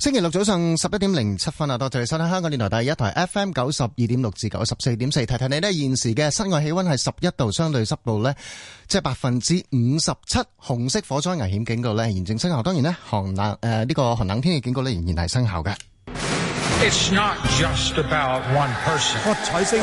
星期六早上十一點零七分啊，多謝你收睇香港電台第一台 FM 九十二點六至九十四點四，提提你咧，現時嘅室外氣溫係十一度，相對濕度呢，即係百分之五十七，紅色火災危險警告呢，現正生效。當然咧，寒冷誒呢、呃這個寒冷天氣警告呢，仍然係生效嘅。It's not just about one person.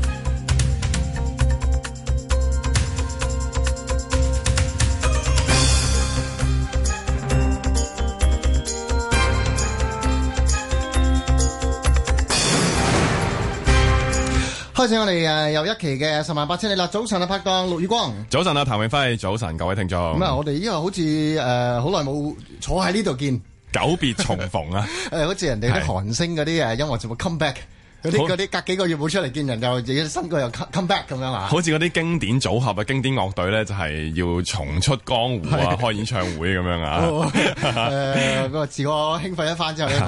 開始我哋誒又一期嘅十萬八千里啦！早晨啊，拍檔、陸宇光，早晨啊，譚永輝，早晨各位聽眾。咁啊、嗯，我哋因為好似誒好耐冇坐喺呢度見，久別重逢啊！誒、 呃，好似人哋啲韓星嗰啲誒音樂節目 come back。嗰啲啲隔幾個月冇出嚟見人，就自己身軀又 come back 咁樣啊！好似嗰啲經典組合啊、經典樂隊咧，就係要重出江湖啊， 開演唱會咁樣啊！誒，嗰個自我興奮一番之後咧，唔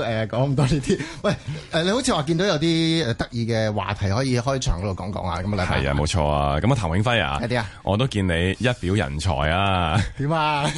好誒講咁多呢啲。喂，誒、呃、你好似話見到有啲誒、呃、得意嘅話題可以開場嗰度講講啊！咁啊，黎生係啊，冇錯啊！咁啊，譚永輝啊，啲啊麼，我都見你一表人才啊！點啊？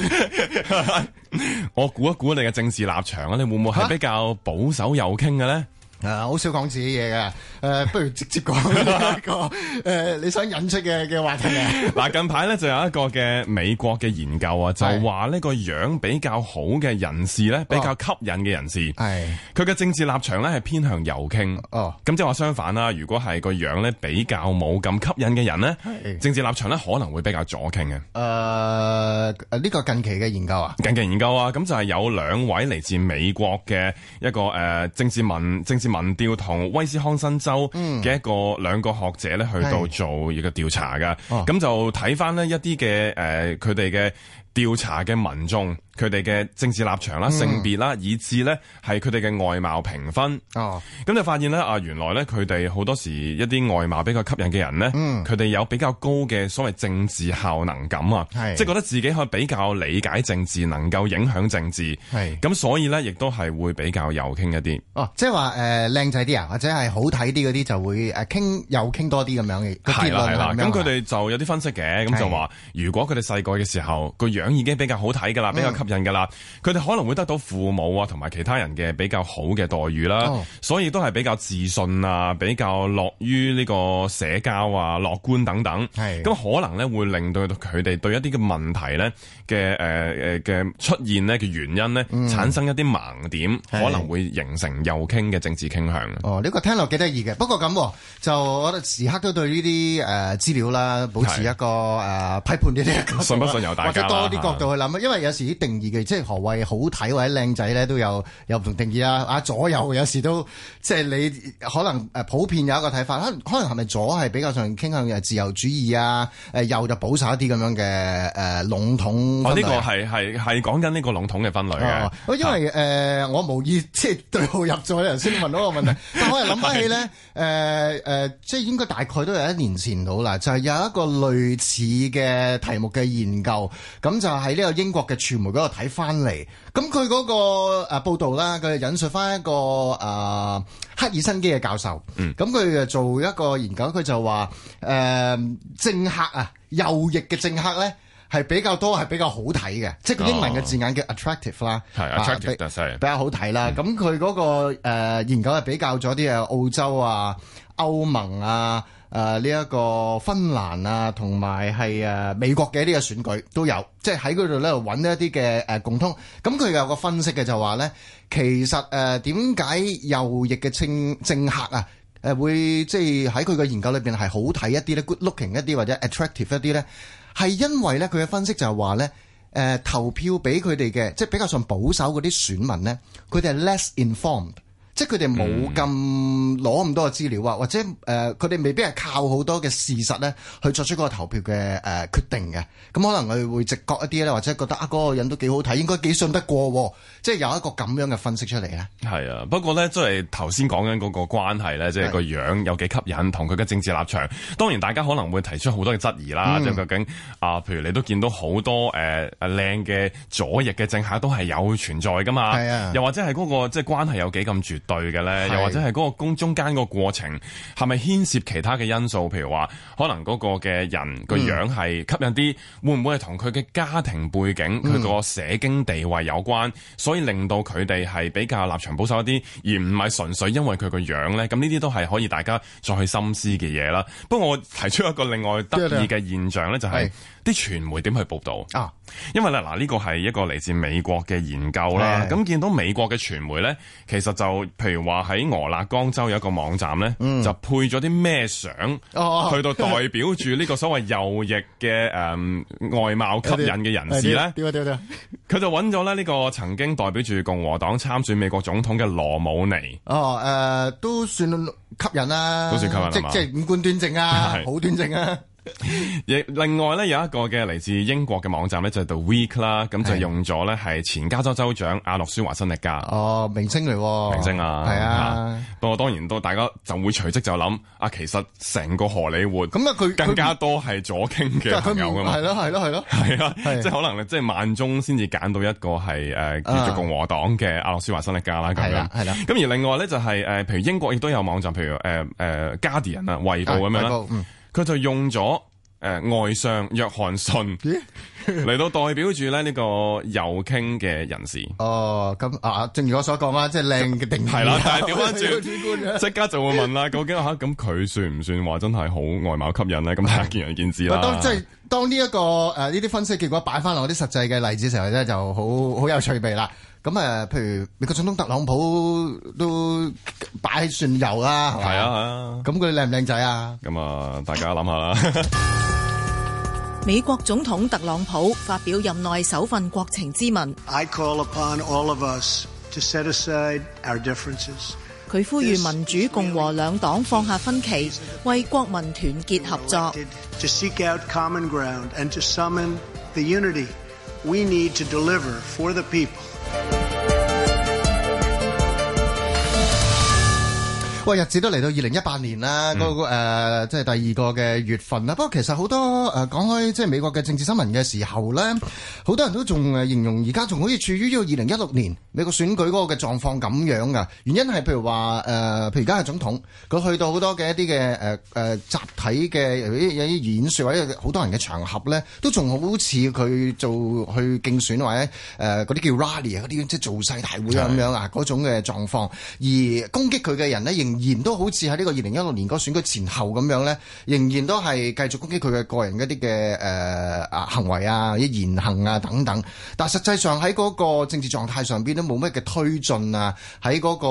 我估一估你嘅政治立場啊，你會唔會係比較保守右傾嘅咧？誒，好、啊、少講自己嘢嘅，誒、呃，不如直接講一、這個誒、 呃，你想引出嘅嘅話題嗱，近排咧就有一個嘅美國嘅研究啊，是就話呢個樣比較好嘅人士咧，哦、比較吸引嘅人士，係佢嘅政治立場咧係偏向右傾，哦，咁即係話相反啦。如果係個樣咧比較冇咁吸引嘅人咧，是政治立場咧可能會比較左傾嘅。誒、呃，呢、這個近期嘅研究啊？近期研究啊，咁就係有兩位嚟自美國嘅一個誒政治文政治文。政治民調同威斯康辛州嘅一個兩個學者咧，去到做一個調查嘅，咁、嗯、就睇翻咧一啲嘅誒，佢哋嘅調查嘅民眾。佢哋嘅政治立場啦、嗯、性別啦，以至咧係佢哋嘅外貌評分。哦，咁你發現咧，啊原來咧佢哋好多時一啲外貌比較吸引嘅人咧，佢哋、嗯、有比較高嘅所謂政治效能感啊，即係是覺得自己可以比較理解政治，能夠影響政治。係咁是，所以咧亦都係會比較有傾一啲。哦，即係話誒靚仔啲啊，或者係好睇啲嗰啲就會誒、啊、傾又傾多啲咁樣嘅、那個、結論啦。咁佢哋就有啲分析嘅，咁就話的如果佢哋細個嘅時候個樣已經比較好睇噶啦，比較認噶啦，佢哋可能會得到父母啊同埋其他人嘅比較好嘅待遇啦，哦、所以都係比較自信啊，比較樂於呢個社交啊、樂觀等等。係咁是可能咧會令到佢哋對一啲嘅問題咧嘅誒誒嘅出現呢，嘅原因咧產生一啲盲點，嗯、可能會形成右傾嘅政治傾向。哦，呢、這個聽落幾得意嘅，不過咁就我覺得時刻都對呢啲誒資料啦，保持一個誒是、呃、批判嘅呢一信不信由大家，或者多啲角度去諗，因為有時一定。意嘅，即係何謂好睇或者靚仔咧，都有有唔同定義啊！啊，左右有時都即係你可能誒普遍有一個睇法，可能可能係咪左係比較上傾向嘅自由主義啊？誒右就保守一啲咁樣嘅誒籠統，呢個係係係講緊呢個籠統嘅分類嘅。我、哦這個哦、因為誒是、呃、我無意即係對號入座，有人先問到個問題， 但我係諗翻起咧誒誒即係應該大概都係一年前到啦，就係、是、有一個類似嘅題目嘅研究，咁就係、是、呢個英國嘅傳媒睇翻嚟，咁佢嗰個誒報道啦，佢引述翻一個誒赫爾辛基嘅教授，咁佢誒做一個研究，佢就話誒、呃、政客啊，右翼嘅政客咧係比較多，係比較好睇嘅，哦、即係英文嘅字眼叫 attractive, attractive 啦、啊，係 attractive，比較好睇啦。咁佢嗰個誒、呃、研究係比較咗啲誒澳洲啊、歐盟啊。誒呢一個芬蘭啊，同埋係誒美國嘅呢個選舉都有，即係喺嗰度咧揾一啲嘅誒共通。咁、嗯、佢有個分析嘅就話咧，其實誒點解右翼嘅政政客啊，誒會即係喺佢嘅研究裏邊係好睇一啲咧，good-looking 一啲或者 attractive 一啲咧，係因為咧佢嘅分析就係話咧，誒、呃、投票俾佢哋嘅即係比較上保守嗰啲選民咧，佢哋係 less informed。即係佢哋冇咁攞咁多嘅資料啊，或者誒佢哋未必係靠好多嘅事實咧去作出嗰個投票嘅誒決定嘅。咁、呃、可能佢哋會直覺一啲咧，或者覺得啊嗰、嗰個人都幾好睇，應該幾信得過。哦、即係有一個咁樣嘅分析出嚟咧。係啊，不過咧即係頭先講緊嗰個關係咧，即係個樣有幾吸引，同佢嘅政治立場。當然大家可能會提出好多嘅質疑啦，即係、嗯、究竟啊、呃，譬如你都見到好多誒靚嘅左翼嘅政客都係有存在噶嘛。係啊，又或者係嗰個即係關係有幾咁絕。對嘅咧，是又或者係嗰個宮中間個過程係咪牽涉其他嘅因素？譬如話，可能嗰個嘅人個、嗯、樣係吸引啲，會唔會係同佢嘅家庭背景、佢個、嗯、社經地位有關？所以令到佢哋係比較立場保守一啲，而唔係純粹因為佢個樣咧。咁呢啲都係可以大家再去深思嘅嘢啦。不過我提出一個另外得意嘅現象咧，就係、是、啲傳媒點去報導的啊？因為咧嗱，呢個係一個嚟自美國嘅研究啦。咁的見到美國嘅傳媒咧，其實就譬如話喺俄勒岡州有一個網站咧，嗯、就配咗啲咩相去到代表住呢個所謂右翼嘅誒、um, 外貌吸引嘅人士咧？點啊點啊點啊！佢、嗯嗯嗯嗯嗯嗯、就揾咗咧呢個曾經代表住共和黨參選美國總統嘅羅姆尼。哦誒、呃，都算吸引啦、啊，都算吸引、啊，即、即係五官端正啊，好端是正啊。亦 另外咧有一個嘅嚟自英國嘅網站咧就係、是、The Week 啦，咁就用咗咧係前加州州長阿諾斯華辛力加哦，明星嚟，明星啊，係啊，不過當然都大家就會隨即就諗，啊其實成個荷里活咁啊佢更加多係左傾嘅朋友噶嘛，係咯係咯係咯，係啊，即係可能即係萬中先至揀到一個係誒，繼續共和黨嘅阿諾斯華辛力加啦咁樣，係啦、啊，咁、啊、而另外咧就係、是、誒，譬如英國亦都有網站，譬如誒誒《Guardian》啊，《衛報》咁樣、嗯佢就用咗誒、呃、外相約翰遜嚟到代表住咧呢個有傾嘅人士。哦，咁啊，正如我所講啦，即係靚嘅定義啦， 但係 即刻就會問啦，究竟嚇咁佢算唔算話真係好外貌吸引咧？咁大家 見仁見智啦。當即係、就是、當呢、這、一個誒呢啲分析結果擺翻落啲實際嘅例子嘅時候咧，就好好有趣味啦。咁誒， 譬如美國總統特朗普都。都都擺船遊啦，係啊？咁佢靚唔靚仔啊？咁啊，大家諗下啦。美國總統特朗普發表任內首份國情咨文，佢呼籲民主共和兩黨放下分歧，為國民團結合作。喂，日子都嚟到二零一八年啦，個誒、嗯呃、即係第二個嘅月份啦。不過其實好多誒講開即係美國嘅政治新聞嘅時候咧，好多人都仲誒形容而家仲好似處於呢個二零一六年美國選舉個嘅狀況咁樣噶。原因係譬如話誒、呃、譬如而家嘅總統佢去到好多嘅一啲嘅誒誒集體嘅有啲演說或者好多人嘅場合咧，都仲好似佢做去競選或者誒啲、呃、叫 rally 嗰啲即係造勢大會咁樣啊嗰種嘅狀況而攻擊佢嘅人咧認。仍然仍然都好似喺呢個二零一六年嗰選舉前後咁樣呢，仍然都係繼續攻擊佢嘅個人一啲嘅誒啊行為啊、啲言行啊等等。但實際上喺嗰個政治狀態上邊都冇咩嘅推進啊，喺嗰個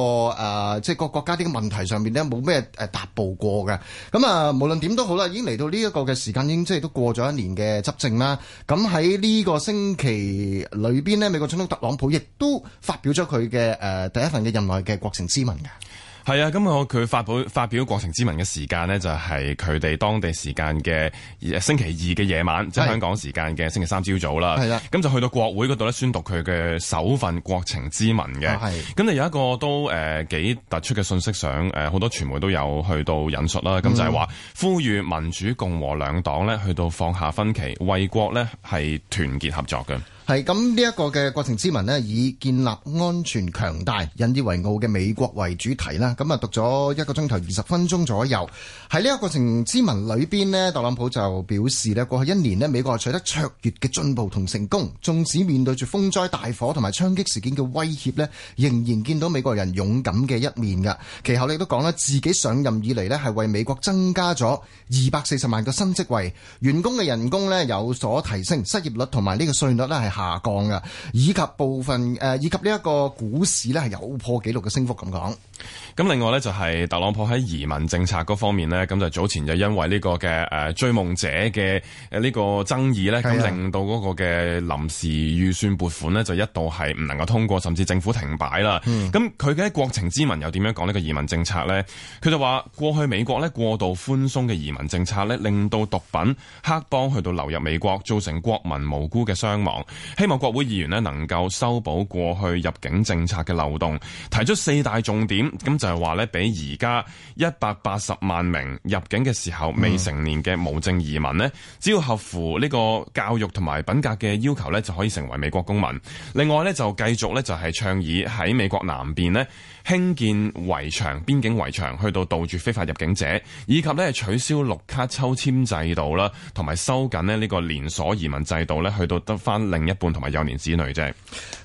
誒即係個國家啲嘅問題上邊咧冇咩誒踏步過嘅。咁啊，無論點都好啦，已經嚟到呢一個嘅時間，已經即係都過咗一年嘅執政啦。咁喺呢個星期裏邊呢，美國總統特朗普亦都發表咗佢嘅誒第一份嘅任內嘅國情咨文嘅。係啊，咁我佢發佈發表國情咨文嘅時間呢，就係佢哋當地時間嘅星期二嘅夜晚，的即係香港時間嘅星期三朝早啦。係啦的，咁就去到國會嗰度咧，宣讀佢嘅首份國情咨文嘅。係的，咁就有一個都誒幾、呃、突出嘅信息，上誒好多傳媒都有去到引述啦。咁、嗯、就係話呼籲民主共和兩黨呢，去到放下分歧，為國呢係團結合作嘅。係咁，呢一個嘅國情咨文咧，以建立安全強大引以為傲嘅美國為主題啦。咁啊讀咗一個鐘頭二十分鐘左右。喺呢一個國情咨文裏邊咧，特朗普就表示咧，過去一年咧，美國取得卓越嘅進步同成功，縱使面對住風災大火同埋槍擊事件嘅威脅咧，仍然見到美國人勇敢嘅一面噶。其後你都講啦，自己上任以嚟咧，係為美國增加咗二百四十萬個新職位，員工嘅人工咧有所提升，失業率同埋呢個稅率咧係。下降嘅，以及部分誒、呃，以及呢一個股市咧係有破紀錄嘅升幅咁講。咁另外咧就係特朗普喺移民政策嗰方面呢，咁就早前就因為呢個嘅誒追夢者嘅誒呢個爭議呢，咁的令到嗰個嘅臨時預算撥款呢，就一度係唔能夠通過，甚至政府停擺啦。咁佢嘅國情咨文又點樣講呢個移民政策呢？佢就話過去美國呢過度寬鬆嘅移民政策呢，令到毒品黑幫去到流入美國，造成國民無辜嘅傷亡。希望國會議員呢，能夠修補過去入境政策嘅漏洞，提出四大重點。咁就係話咧，畀而家一百八十萬名入境嘅時候未成年嘅無證移民呢、嗯、只要合乎呢個教育同埋品格嘅要求呢就可以成為美國公民。另外呢，就繼續呢，就係倡議喺美國南邊呢，興建圍牆，邊境圍牆去到堵住非法入境者，以及呢取消綠卡抽籤制度啦，同埋收緊咧呢個連鎖移民制度呢去到得翻另一半同埋幼年子女啫。誒、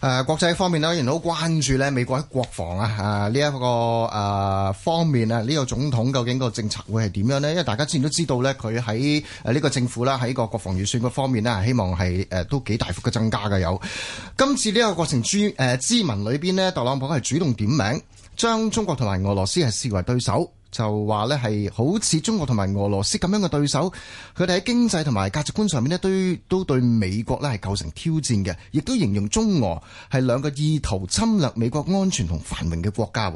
呃，國際方面咧，仍然好關注呢美國喺國防啊啊呢一個個誒方面啊，呢個總統究竟個政策會係點樣呢？因為大家之前都知道呢佢喺誒呢個政府啦，喺個國防預算個方面呢，希望係誒、呃、都幾大幅嘅增加嘅。有今次呢個過程，主誒咨文裏邊呢，特朗普係主動點名將中國同埋俄羅斯係視為對手，就話呢係好似中國同埋俄羅斯咁樣嘅對手，佢哋喺經濟同埋價值觀上面呢，都都對美國呢係構成挑戰嘅，亦都形容中俄係兩個意圖侵略美國安全同繁榮嘅國家。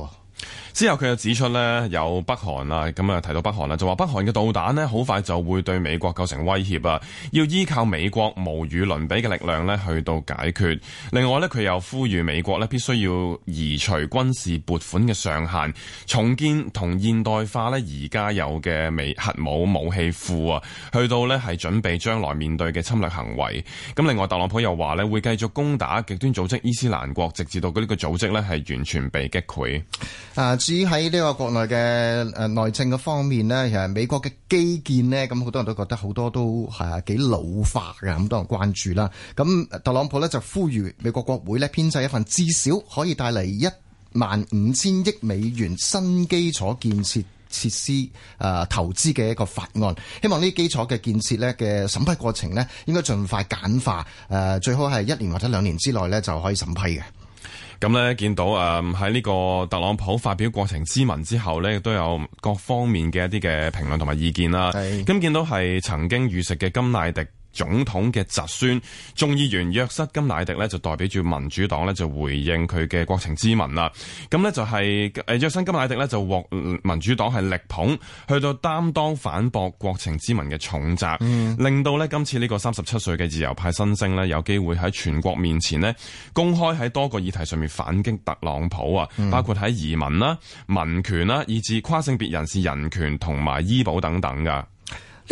之後佢又指出咧，有北韓啦，咁啊提到北韓啦，就話北韓嘅導彈呢，好快就會對美國構成威脅啊，要依靠美國無與倫比嘅力量呢，去到解決。另外呢，佢又呼籲美國呢，必須要移除軍事撥款嘅上限，重建同現代化呢，而家有嘅美核武武器庫啊，去到呢係準備將來面對嘅侵略行為。咁另外特朗普又話呢會繼續攻打極端組織伊斯蘭國，直至到嗰呢個組織呢，係完全被擊潰。啊！至於喺呢個國內嘅誒內政嘅方面呢，其實美國嘅基建呢，咁好多人都覺得好多都係啊幾老化嘅，咁多人關注啦。咁特朗普呢就呼籲美國國會呢編制一份至少可以帶嚟一萬五千億美元新基礎建設設施誒、啊、投資嘅一個法案，希望呢啲基礎嘅建設呢嘅審批過程呢，應該盡快簡化，誒、啊、最好係一年或者兩年之內呢就可以審批嘅。咁咧，見到誒喺呢個特朗普發表國情咨文之後咧，亦都有各方面嘅一啲嘅評論同埋意見啦。咁是見到係曾經遇刺嘅甘迺迪總統嘅侄孫眾議員約瑟·甘迺迪咧就代表住民主黨咧就回應佢嘅國情咨文啦。咁呢就係、是、誒約瑟·甘迺迪咧就獲民主黨係力捧，去到擔當反駁國情咨文嘅重責，嗯、令到呢今次呢個三十七歲嘅自由派新星呢有機會喺全國面前呢公開喺多個議題上面反擊特朗普啊，嗯、包括喺移民啦、民權啦，以至跨性別人士人權同埋醫保等等嘅。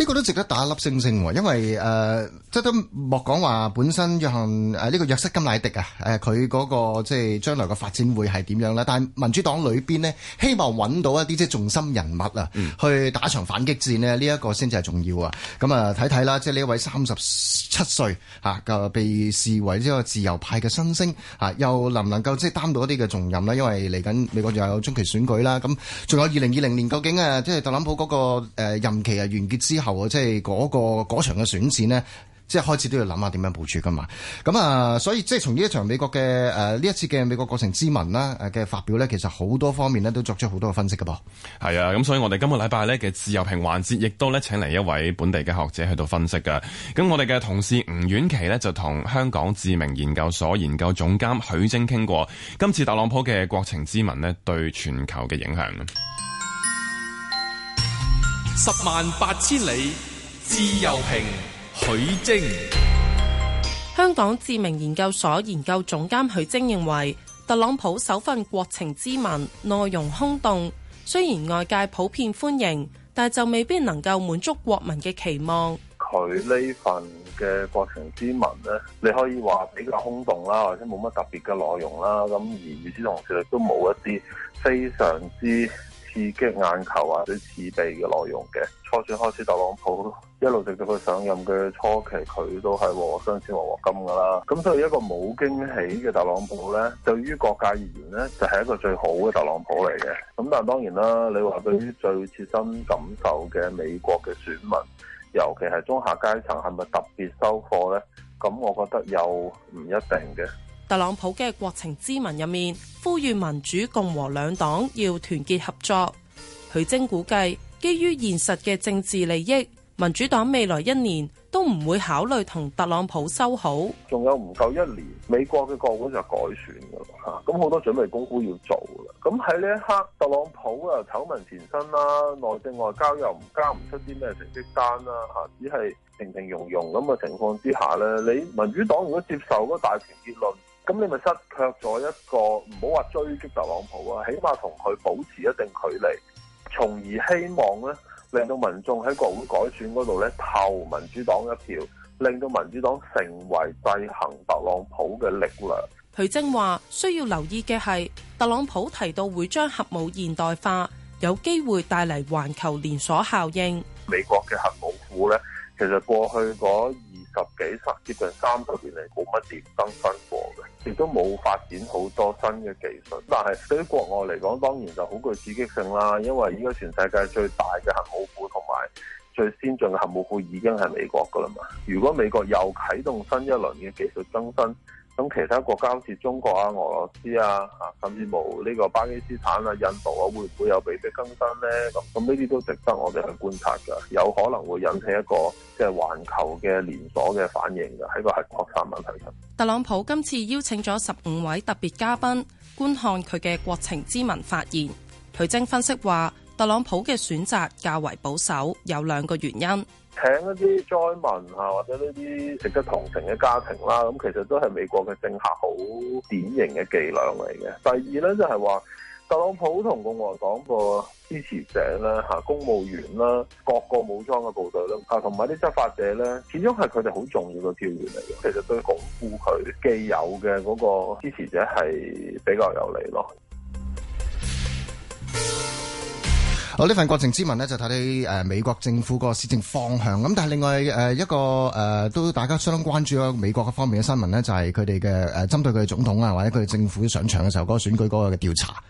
呢個都值得打一粒星星喎，因為誒，即係都莫講話本身約翰誒呢個約瑟甘迺迪啊，誒佢嗰個即係將來嘅發展會係點樣啦？但係民主黨裏邊咧，希望揾到一啲即係重心人物啊，去打場反擊戰咧，呢一個先至係重要啊！咁啊，睇睇啦，即係呢一位三十七歲嚇就，被視為呢個自由派嘅新星嚇，又能唔能夠即係擔到一啲嘅重任咧？因為嚟緊美國又有中期選舉啦，咁仲有二零二零年究竟誒，即係特朗普嗰個誒任期啊完結之後。即係嗰、那個場嘅選戰呢，即係開始都要諗下點樣部署噶嘛。咁啊，所以即係從呢一場美國嘅誒呢一次嘅美國國情之文啦誒嘅發表呢，其實好多方面呢都作出好多嘅分析噶噃。係啊，咁所以我哋今個禮拜呢嘅自由評環節，亦都呢請嚟一位本地嘅學者喺度分析嘅。咁我哋嘅同事吳婉琪呢，就同香港知名研究所研究總監許晶傾過今次特朗普嘅國情之文呢，對全球嘅影響。十萬八千里自由評。許楨，香港智明研究所研究總監許楨認為，特朗普首份國情咨文內容空洞，雖然外界普遍歡迎，但就未必能夠滿足國民嘅期望。佢呢份嘅國情咨文呢，你可以話比較空洞啦，或者冇乜特別嘅內容啦。咁而與此同時，亦都冇一啲非常之。刺激眼球啊，最刺鼻嘅內容嘅。初選開始，特朗普一路直，直到佢上任嘅初期，佢都係和和聲聲和和金㗎啦。咁所以一個冇驚喜嘅特朗普呢，對於國界而言呢，就係、是、一個最好嘅特朗普嚟嘅。咁但係當然啦，你話對於最切身感受嘅美國嘅選民，尤其係中下階層，係咪特別收貨呢？咁我覺得又唔一定嘅。特朗普嘅國情咨文入面呼籲民主共和兩黨要團結合作。許楨估計基於現實嘅政治利益，民主黨未來一年都唔會考慮同特朗普修好。仲有唔夠一年，美國嘅國會就改選噶啦。嚇，咁好多準備功夫要做啦，咁喺呢一刻，特朗普啊醜聞纏身啦、啊，內政外交又唔交唔出啲咩成績單啦、啊。吓只係平平庸庸咁嘅情況之下咧，你民主黨如果接受嗰大權結論。咁你咪失卻咗一個唔好話追擊特朗普啊，起碼同佢保持一定距離，從而希望咧令到民眾喺國會改選嗰度咧投民主黨一票，令到民主黨成為制衡特朗普嘅力量。許楨話：需要留意嘅係特朗普提到會將核武現代化，有機會帶嚟環球連鎖效應。美國嘅核武庫咧，其實過去嗰二十幾、十接近三十年嚟冇乜點更新亦都冇發展好多新嘅技術，但係對於國外嚟講，當然就好具刺激性啦。因為依家全世界最大嘅核武庫同埋最先進嘅核武庫已經係美國㗎啦嘛。如果美國又啟動新一輪嘅技術更新，咁其他國家好似中國啊、俄羅斯啊、甚至冇呢個巴基斯坦啊、印度啊，會唔會有被迫更新呢？咁咁呢啲都值得我哋去觀察㗎，有可能會引起一個即係環球嘅連鎖嘅反應㗎，喺個核擴散問題上。特朗普今次邀請咗十五位特別嘉賓觀看佢嘅國情咨文發現，發言。許楨分析話，特朗普嘅選擇較為保守，有兩個原因。請一啲災民吓，或者呢啲值得同情嘅家庭啦，咁其實都係美國嘅政客好典型嘅伎倆嚟嘅。第二咧就係話特朗普同共和黨個支持者啦吓，公務員啦，各個武裝嘅部隊啦，啊同埋啲執法者咧，始終係佢哋好重要嘅票源嚟嘅。其實對鞏固佢既有嘅嗰個支持者係比較有利咯。呢份國情咨文咧，就睇睇誒美國政府個施政方向咁。但係另外誒一個誒、呃、都大家相當關注嘅美國方面嘅新聞咧，就係佢哋嘅誒針對佢哋總統啊，或者佢哋政府上場嘅時候嗰個選舉嗰個嘅調查。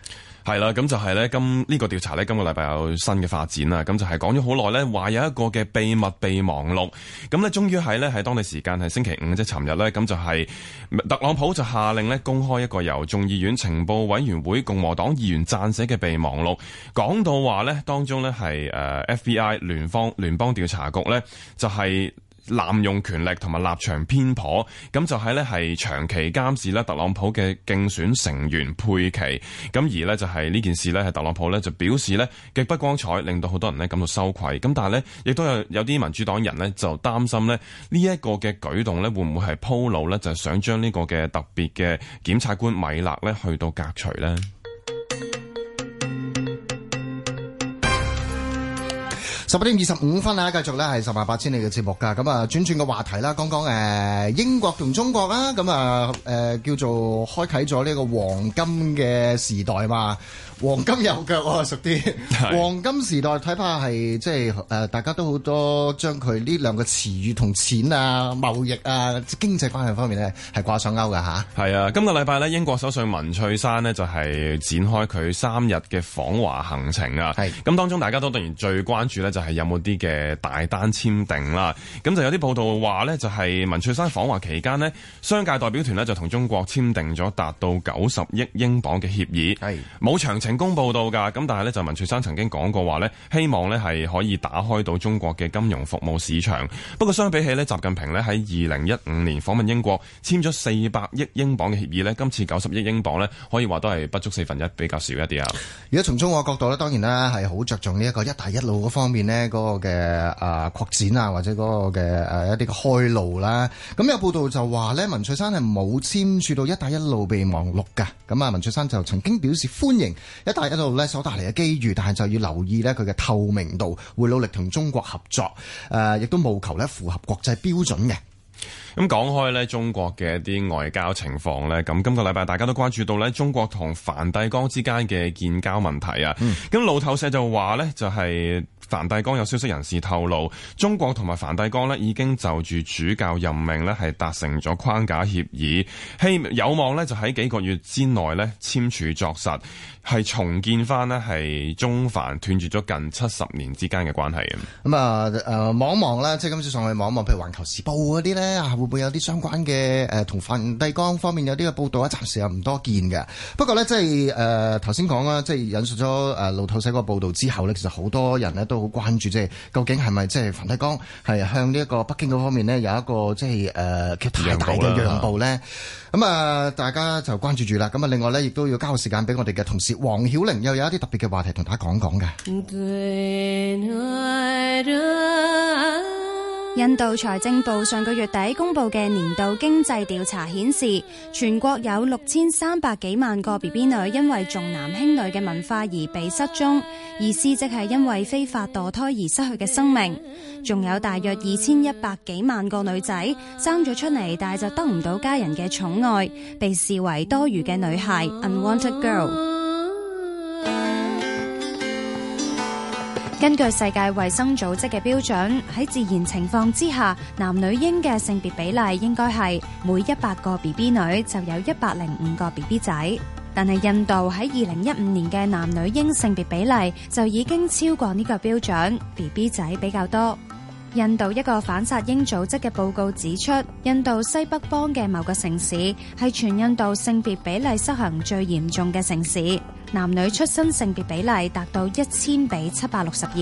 係啦，咁就係、是、咧，今呢、這個調查咧，今個禮拜有新嘅發展啦。咁就係講咗好耐咧，話有一個嘅秘密備忘錄，咁咧終於係咧，喺當地時間係星期五即係尋日咧，咁就係、是、特朗普就下令咧公開一個由眾議院情報委員會共和黨議員撰寫嘅備忘錄，講到話咧當中咧係誒 FBI 聯方聯邦調查局咧就係、是濫用權力同埋立場偏頗，咁就喺咧係長期監視咧特朗普嘅競選成員佩奇，咁而呢，就係呢件事咧，係特朗普咧就表示咧極不光彩，令到好多人咧感到羞愧。咁但係呢，亦都有有啲民主黨人咧就擔心呢，呢一個嘅舉動咧會唔會係鋪路呢，就想將呢個嘅特別嘅檢察官米勒咧去到革除呢？十一點二十五分啊，繼續咧係十萬八千里嘅節目噶，咁啊轉轉個話題啦，講講誒英國同中國啦，咁啊誒叫做開啟咗呢個黃金嘅時代嘛，黃金有腳，我 熟啲，是黃金時代睇怕係即係誒、呃，大家都好多將佢呢兩個詞語同錢啊、貿易啊、經濟關係方面呢係掛上鈎嘅吓。係啊，啊，今個禮拜呢，英國首相文翠珊呢就係、是、展開佢三日嘅訪華行程啊，係咁是當中，大家都當然最關注咧就是，係有冇啲嘅大單簽訂啦？咁就有啲報道話呢，就係文翠珊訪華期間呢，商界代表團呢就同中國簽訂咗達到九十億英鎊嘅協議。係冇詳情公布到噶。咁但係呢，就文翠珊曾經講過話呢，希望呢係可以打開到中國嘅金融服務市場。不過相比起呢，習近平呢喺二零一五年訪問英國簽英，簽咗四百億英鎊嘅協議呢，今次九十億英鎊呢，可以話都係不足四分一，比較少一啲啊。如果從中國角度呢，當然啦，係好着重呢一個“一帶一路”嗰方面咧。嗰個嘅誒擴展啊，或者嗰個嘅誒一啲嘅開路啦，啊，咁有報道就話咧，文翠珊係冇簽署到一帶一路備忘錄嘅。咁啊，文翠珊就曾經表示歡迎一帶一路咧所帶嚟嘅機遇，但係就要留意咧佢嘅透明度，會努力同中國合作。誒、呃，亦都務求咧符合國際標準嘅。咁講、嗯、開咧，中國嘅一啲外交情況咧，咁今個禮拜大家都關注到咧，中國同梵蒂岡之間嘅建交問題啊。咁路透社就話咧，就係、是就是。梵蒂岡有消息人士透露，中國同埋梵蒂岡咧已經就住主教任命咧係達成咗框架協議，希、hey，有望呢，就喺幾個月之內咧簽署作實，係重建翻呢，係中梵斷絕咗近七十年之間嘅關係。咁、嗯、啊誒望一望啦，即係今次上去望一望，譬如《環球時報》嗰啲咧，會唔會有啲相關嘅誒同梵蒂岡方面有啲嘅報導啊？暫時又唔多見嘅。不過呢，即係誒頭先講啦，即係引述咗誒路透社個報導之後呢，其實好多人咧。都好關注即係，究竟係咪即係梵蒂岡係向呢一個北京嗰方面呢，有一個即係誒叫太大嘅讓步咧？咁啊，大家就關注住啦。咁啊，另外咧亦都要交個時間俾我哋嘅同事黃曉玲，又有一啲特別嘅話題同大家講講嘅。印度財政部上個月底公布嘅年度經濟調查顯示，全國有六千三百幾萬個 BB 女因為重男輕女嘅文化而被失蹤，意思即係因為非法墮胎而失去嘅生命。仲有大約二千一百幾萬個女仔生咗出嚟，但係就得唔到家人嘅寵愛，被視為多餘嘅女孩 （unwanted girl）。根據世界衛生組織嘅標準，喺自然情況之下，男女嬰嘅性別比例應該係每一百個 B B 女就有一百零五個 B B 仔。但係印度喺二零一五年嘅男女嬰性別比例就已經超過呢個標準，B B 仔比較多。印度一個反殺嬰組織嘅報告指出，印度西北方嘅某個城市係全印度性別比例失衡最嚴重嘅城市。男女出生性別比例達到一千比七百六十二，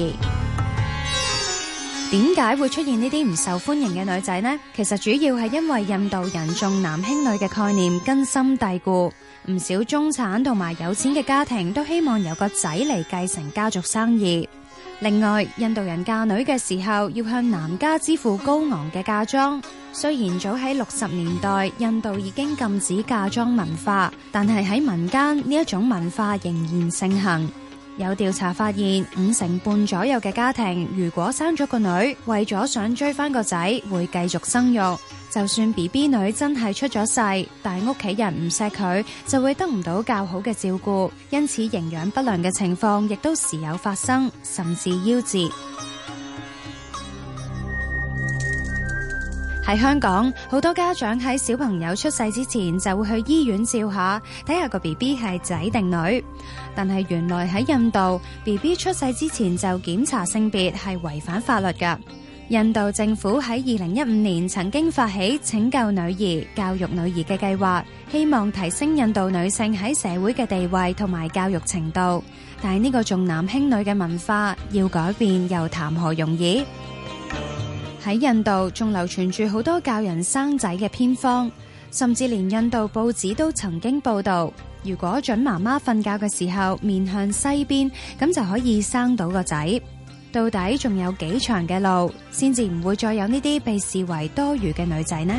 點解會出現呢啲唔受歡迎嘅女仔呢？其實主要係因為印度人重男輕女嘅概念根深蒂固，唔少中產同埋有錢嘅家庭都希望有個仔嚟繼承家族生意。另外，印度人嫁女嘅時候，要向男家支付高昂嘅嫁妝。雖然早喺六十年代，印度已經禁止嫁妝文化，但係喺民間呢一種文化仍然盛行。有調查發現，五成半左右嘅家庭，如果生咗個女，為咗想追翻個仔，會繼續生育。就算 BB 女真係出咗世，但屋企人唔錫佢，就會得唔到較好嘅照顧，因此營養不良嘅情況亦都時有發生，甚至夭折。喺香港，好多家長喺小朋友出世之前就會去醫院照下，睇下個 B B 係仔定女。但係原來喺印度，B B 出世之前就檢查性別係違反法律噶。印度政府喺二零一五年曾經發起拯救女兒、教育女兒嘅計劃，希望提升印度女性喺社會嘅地位同埋教育程度。但係呢個重男輕女嘅文化要改變，又談何容易？喺印度仲流傳住好多教人生仔嘅偏方，甚至連印度報紙都曾經報道，如果準媽媽瞓覺嘅時候面向西邊，咁就可以生到個仔。到底仲有幾長嘅路，先至唔會再有呢啲被視為多餘嘅女仔呢？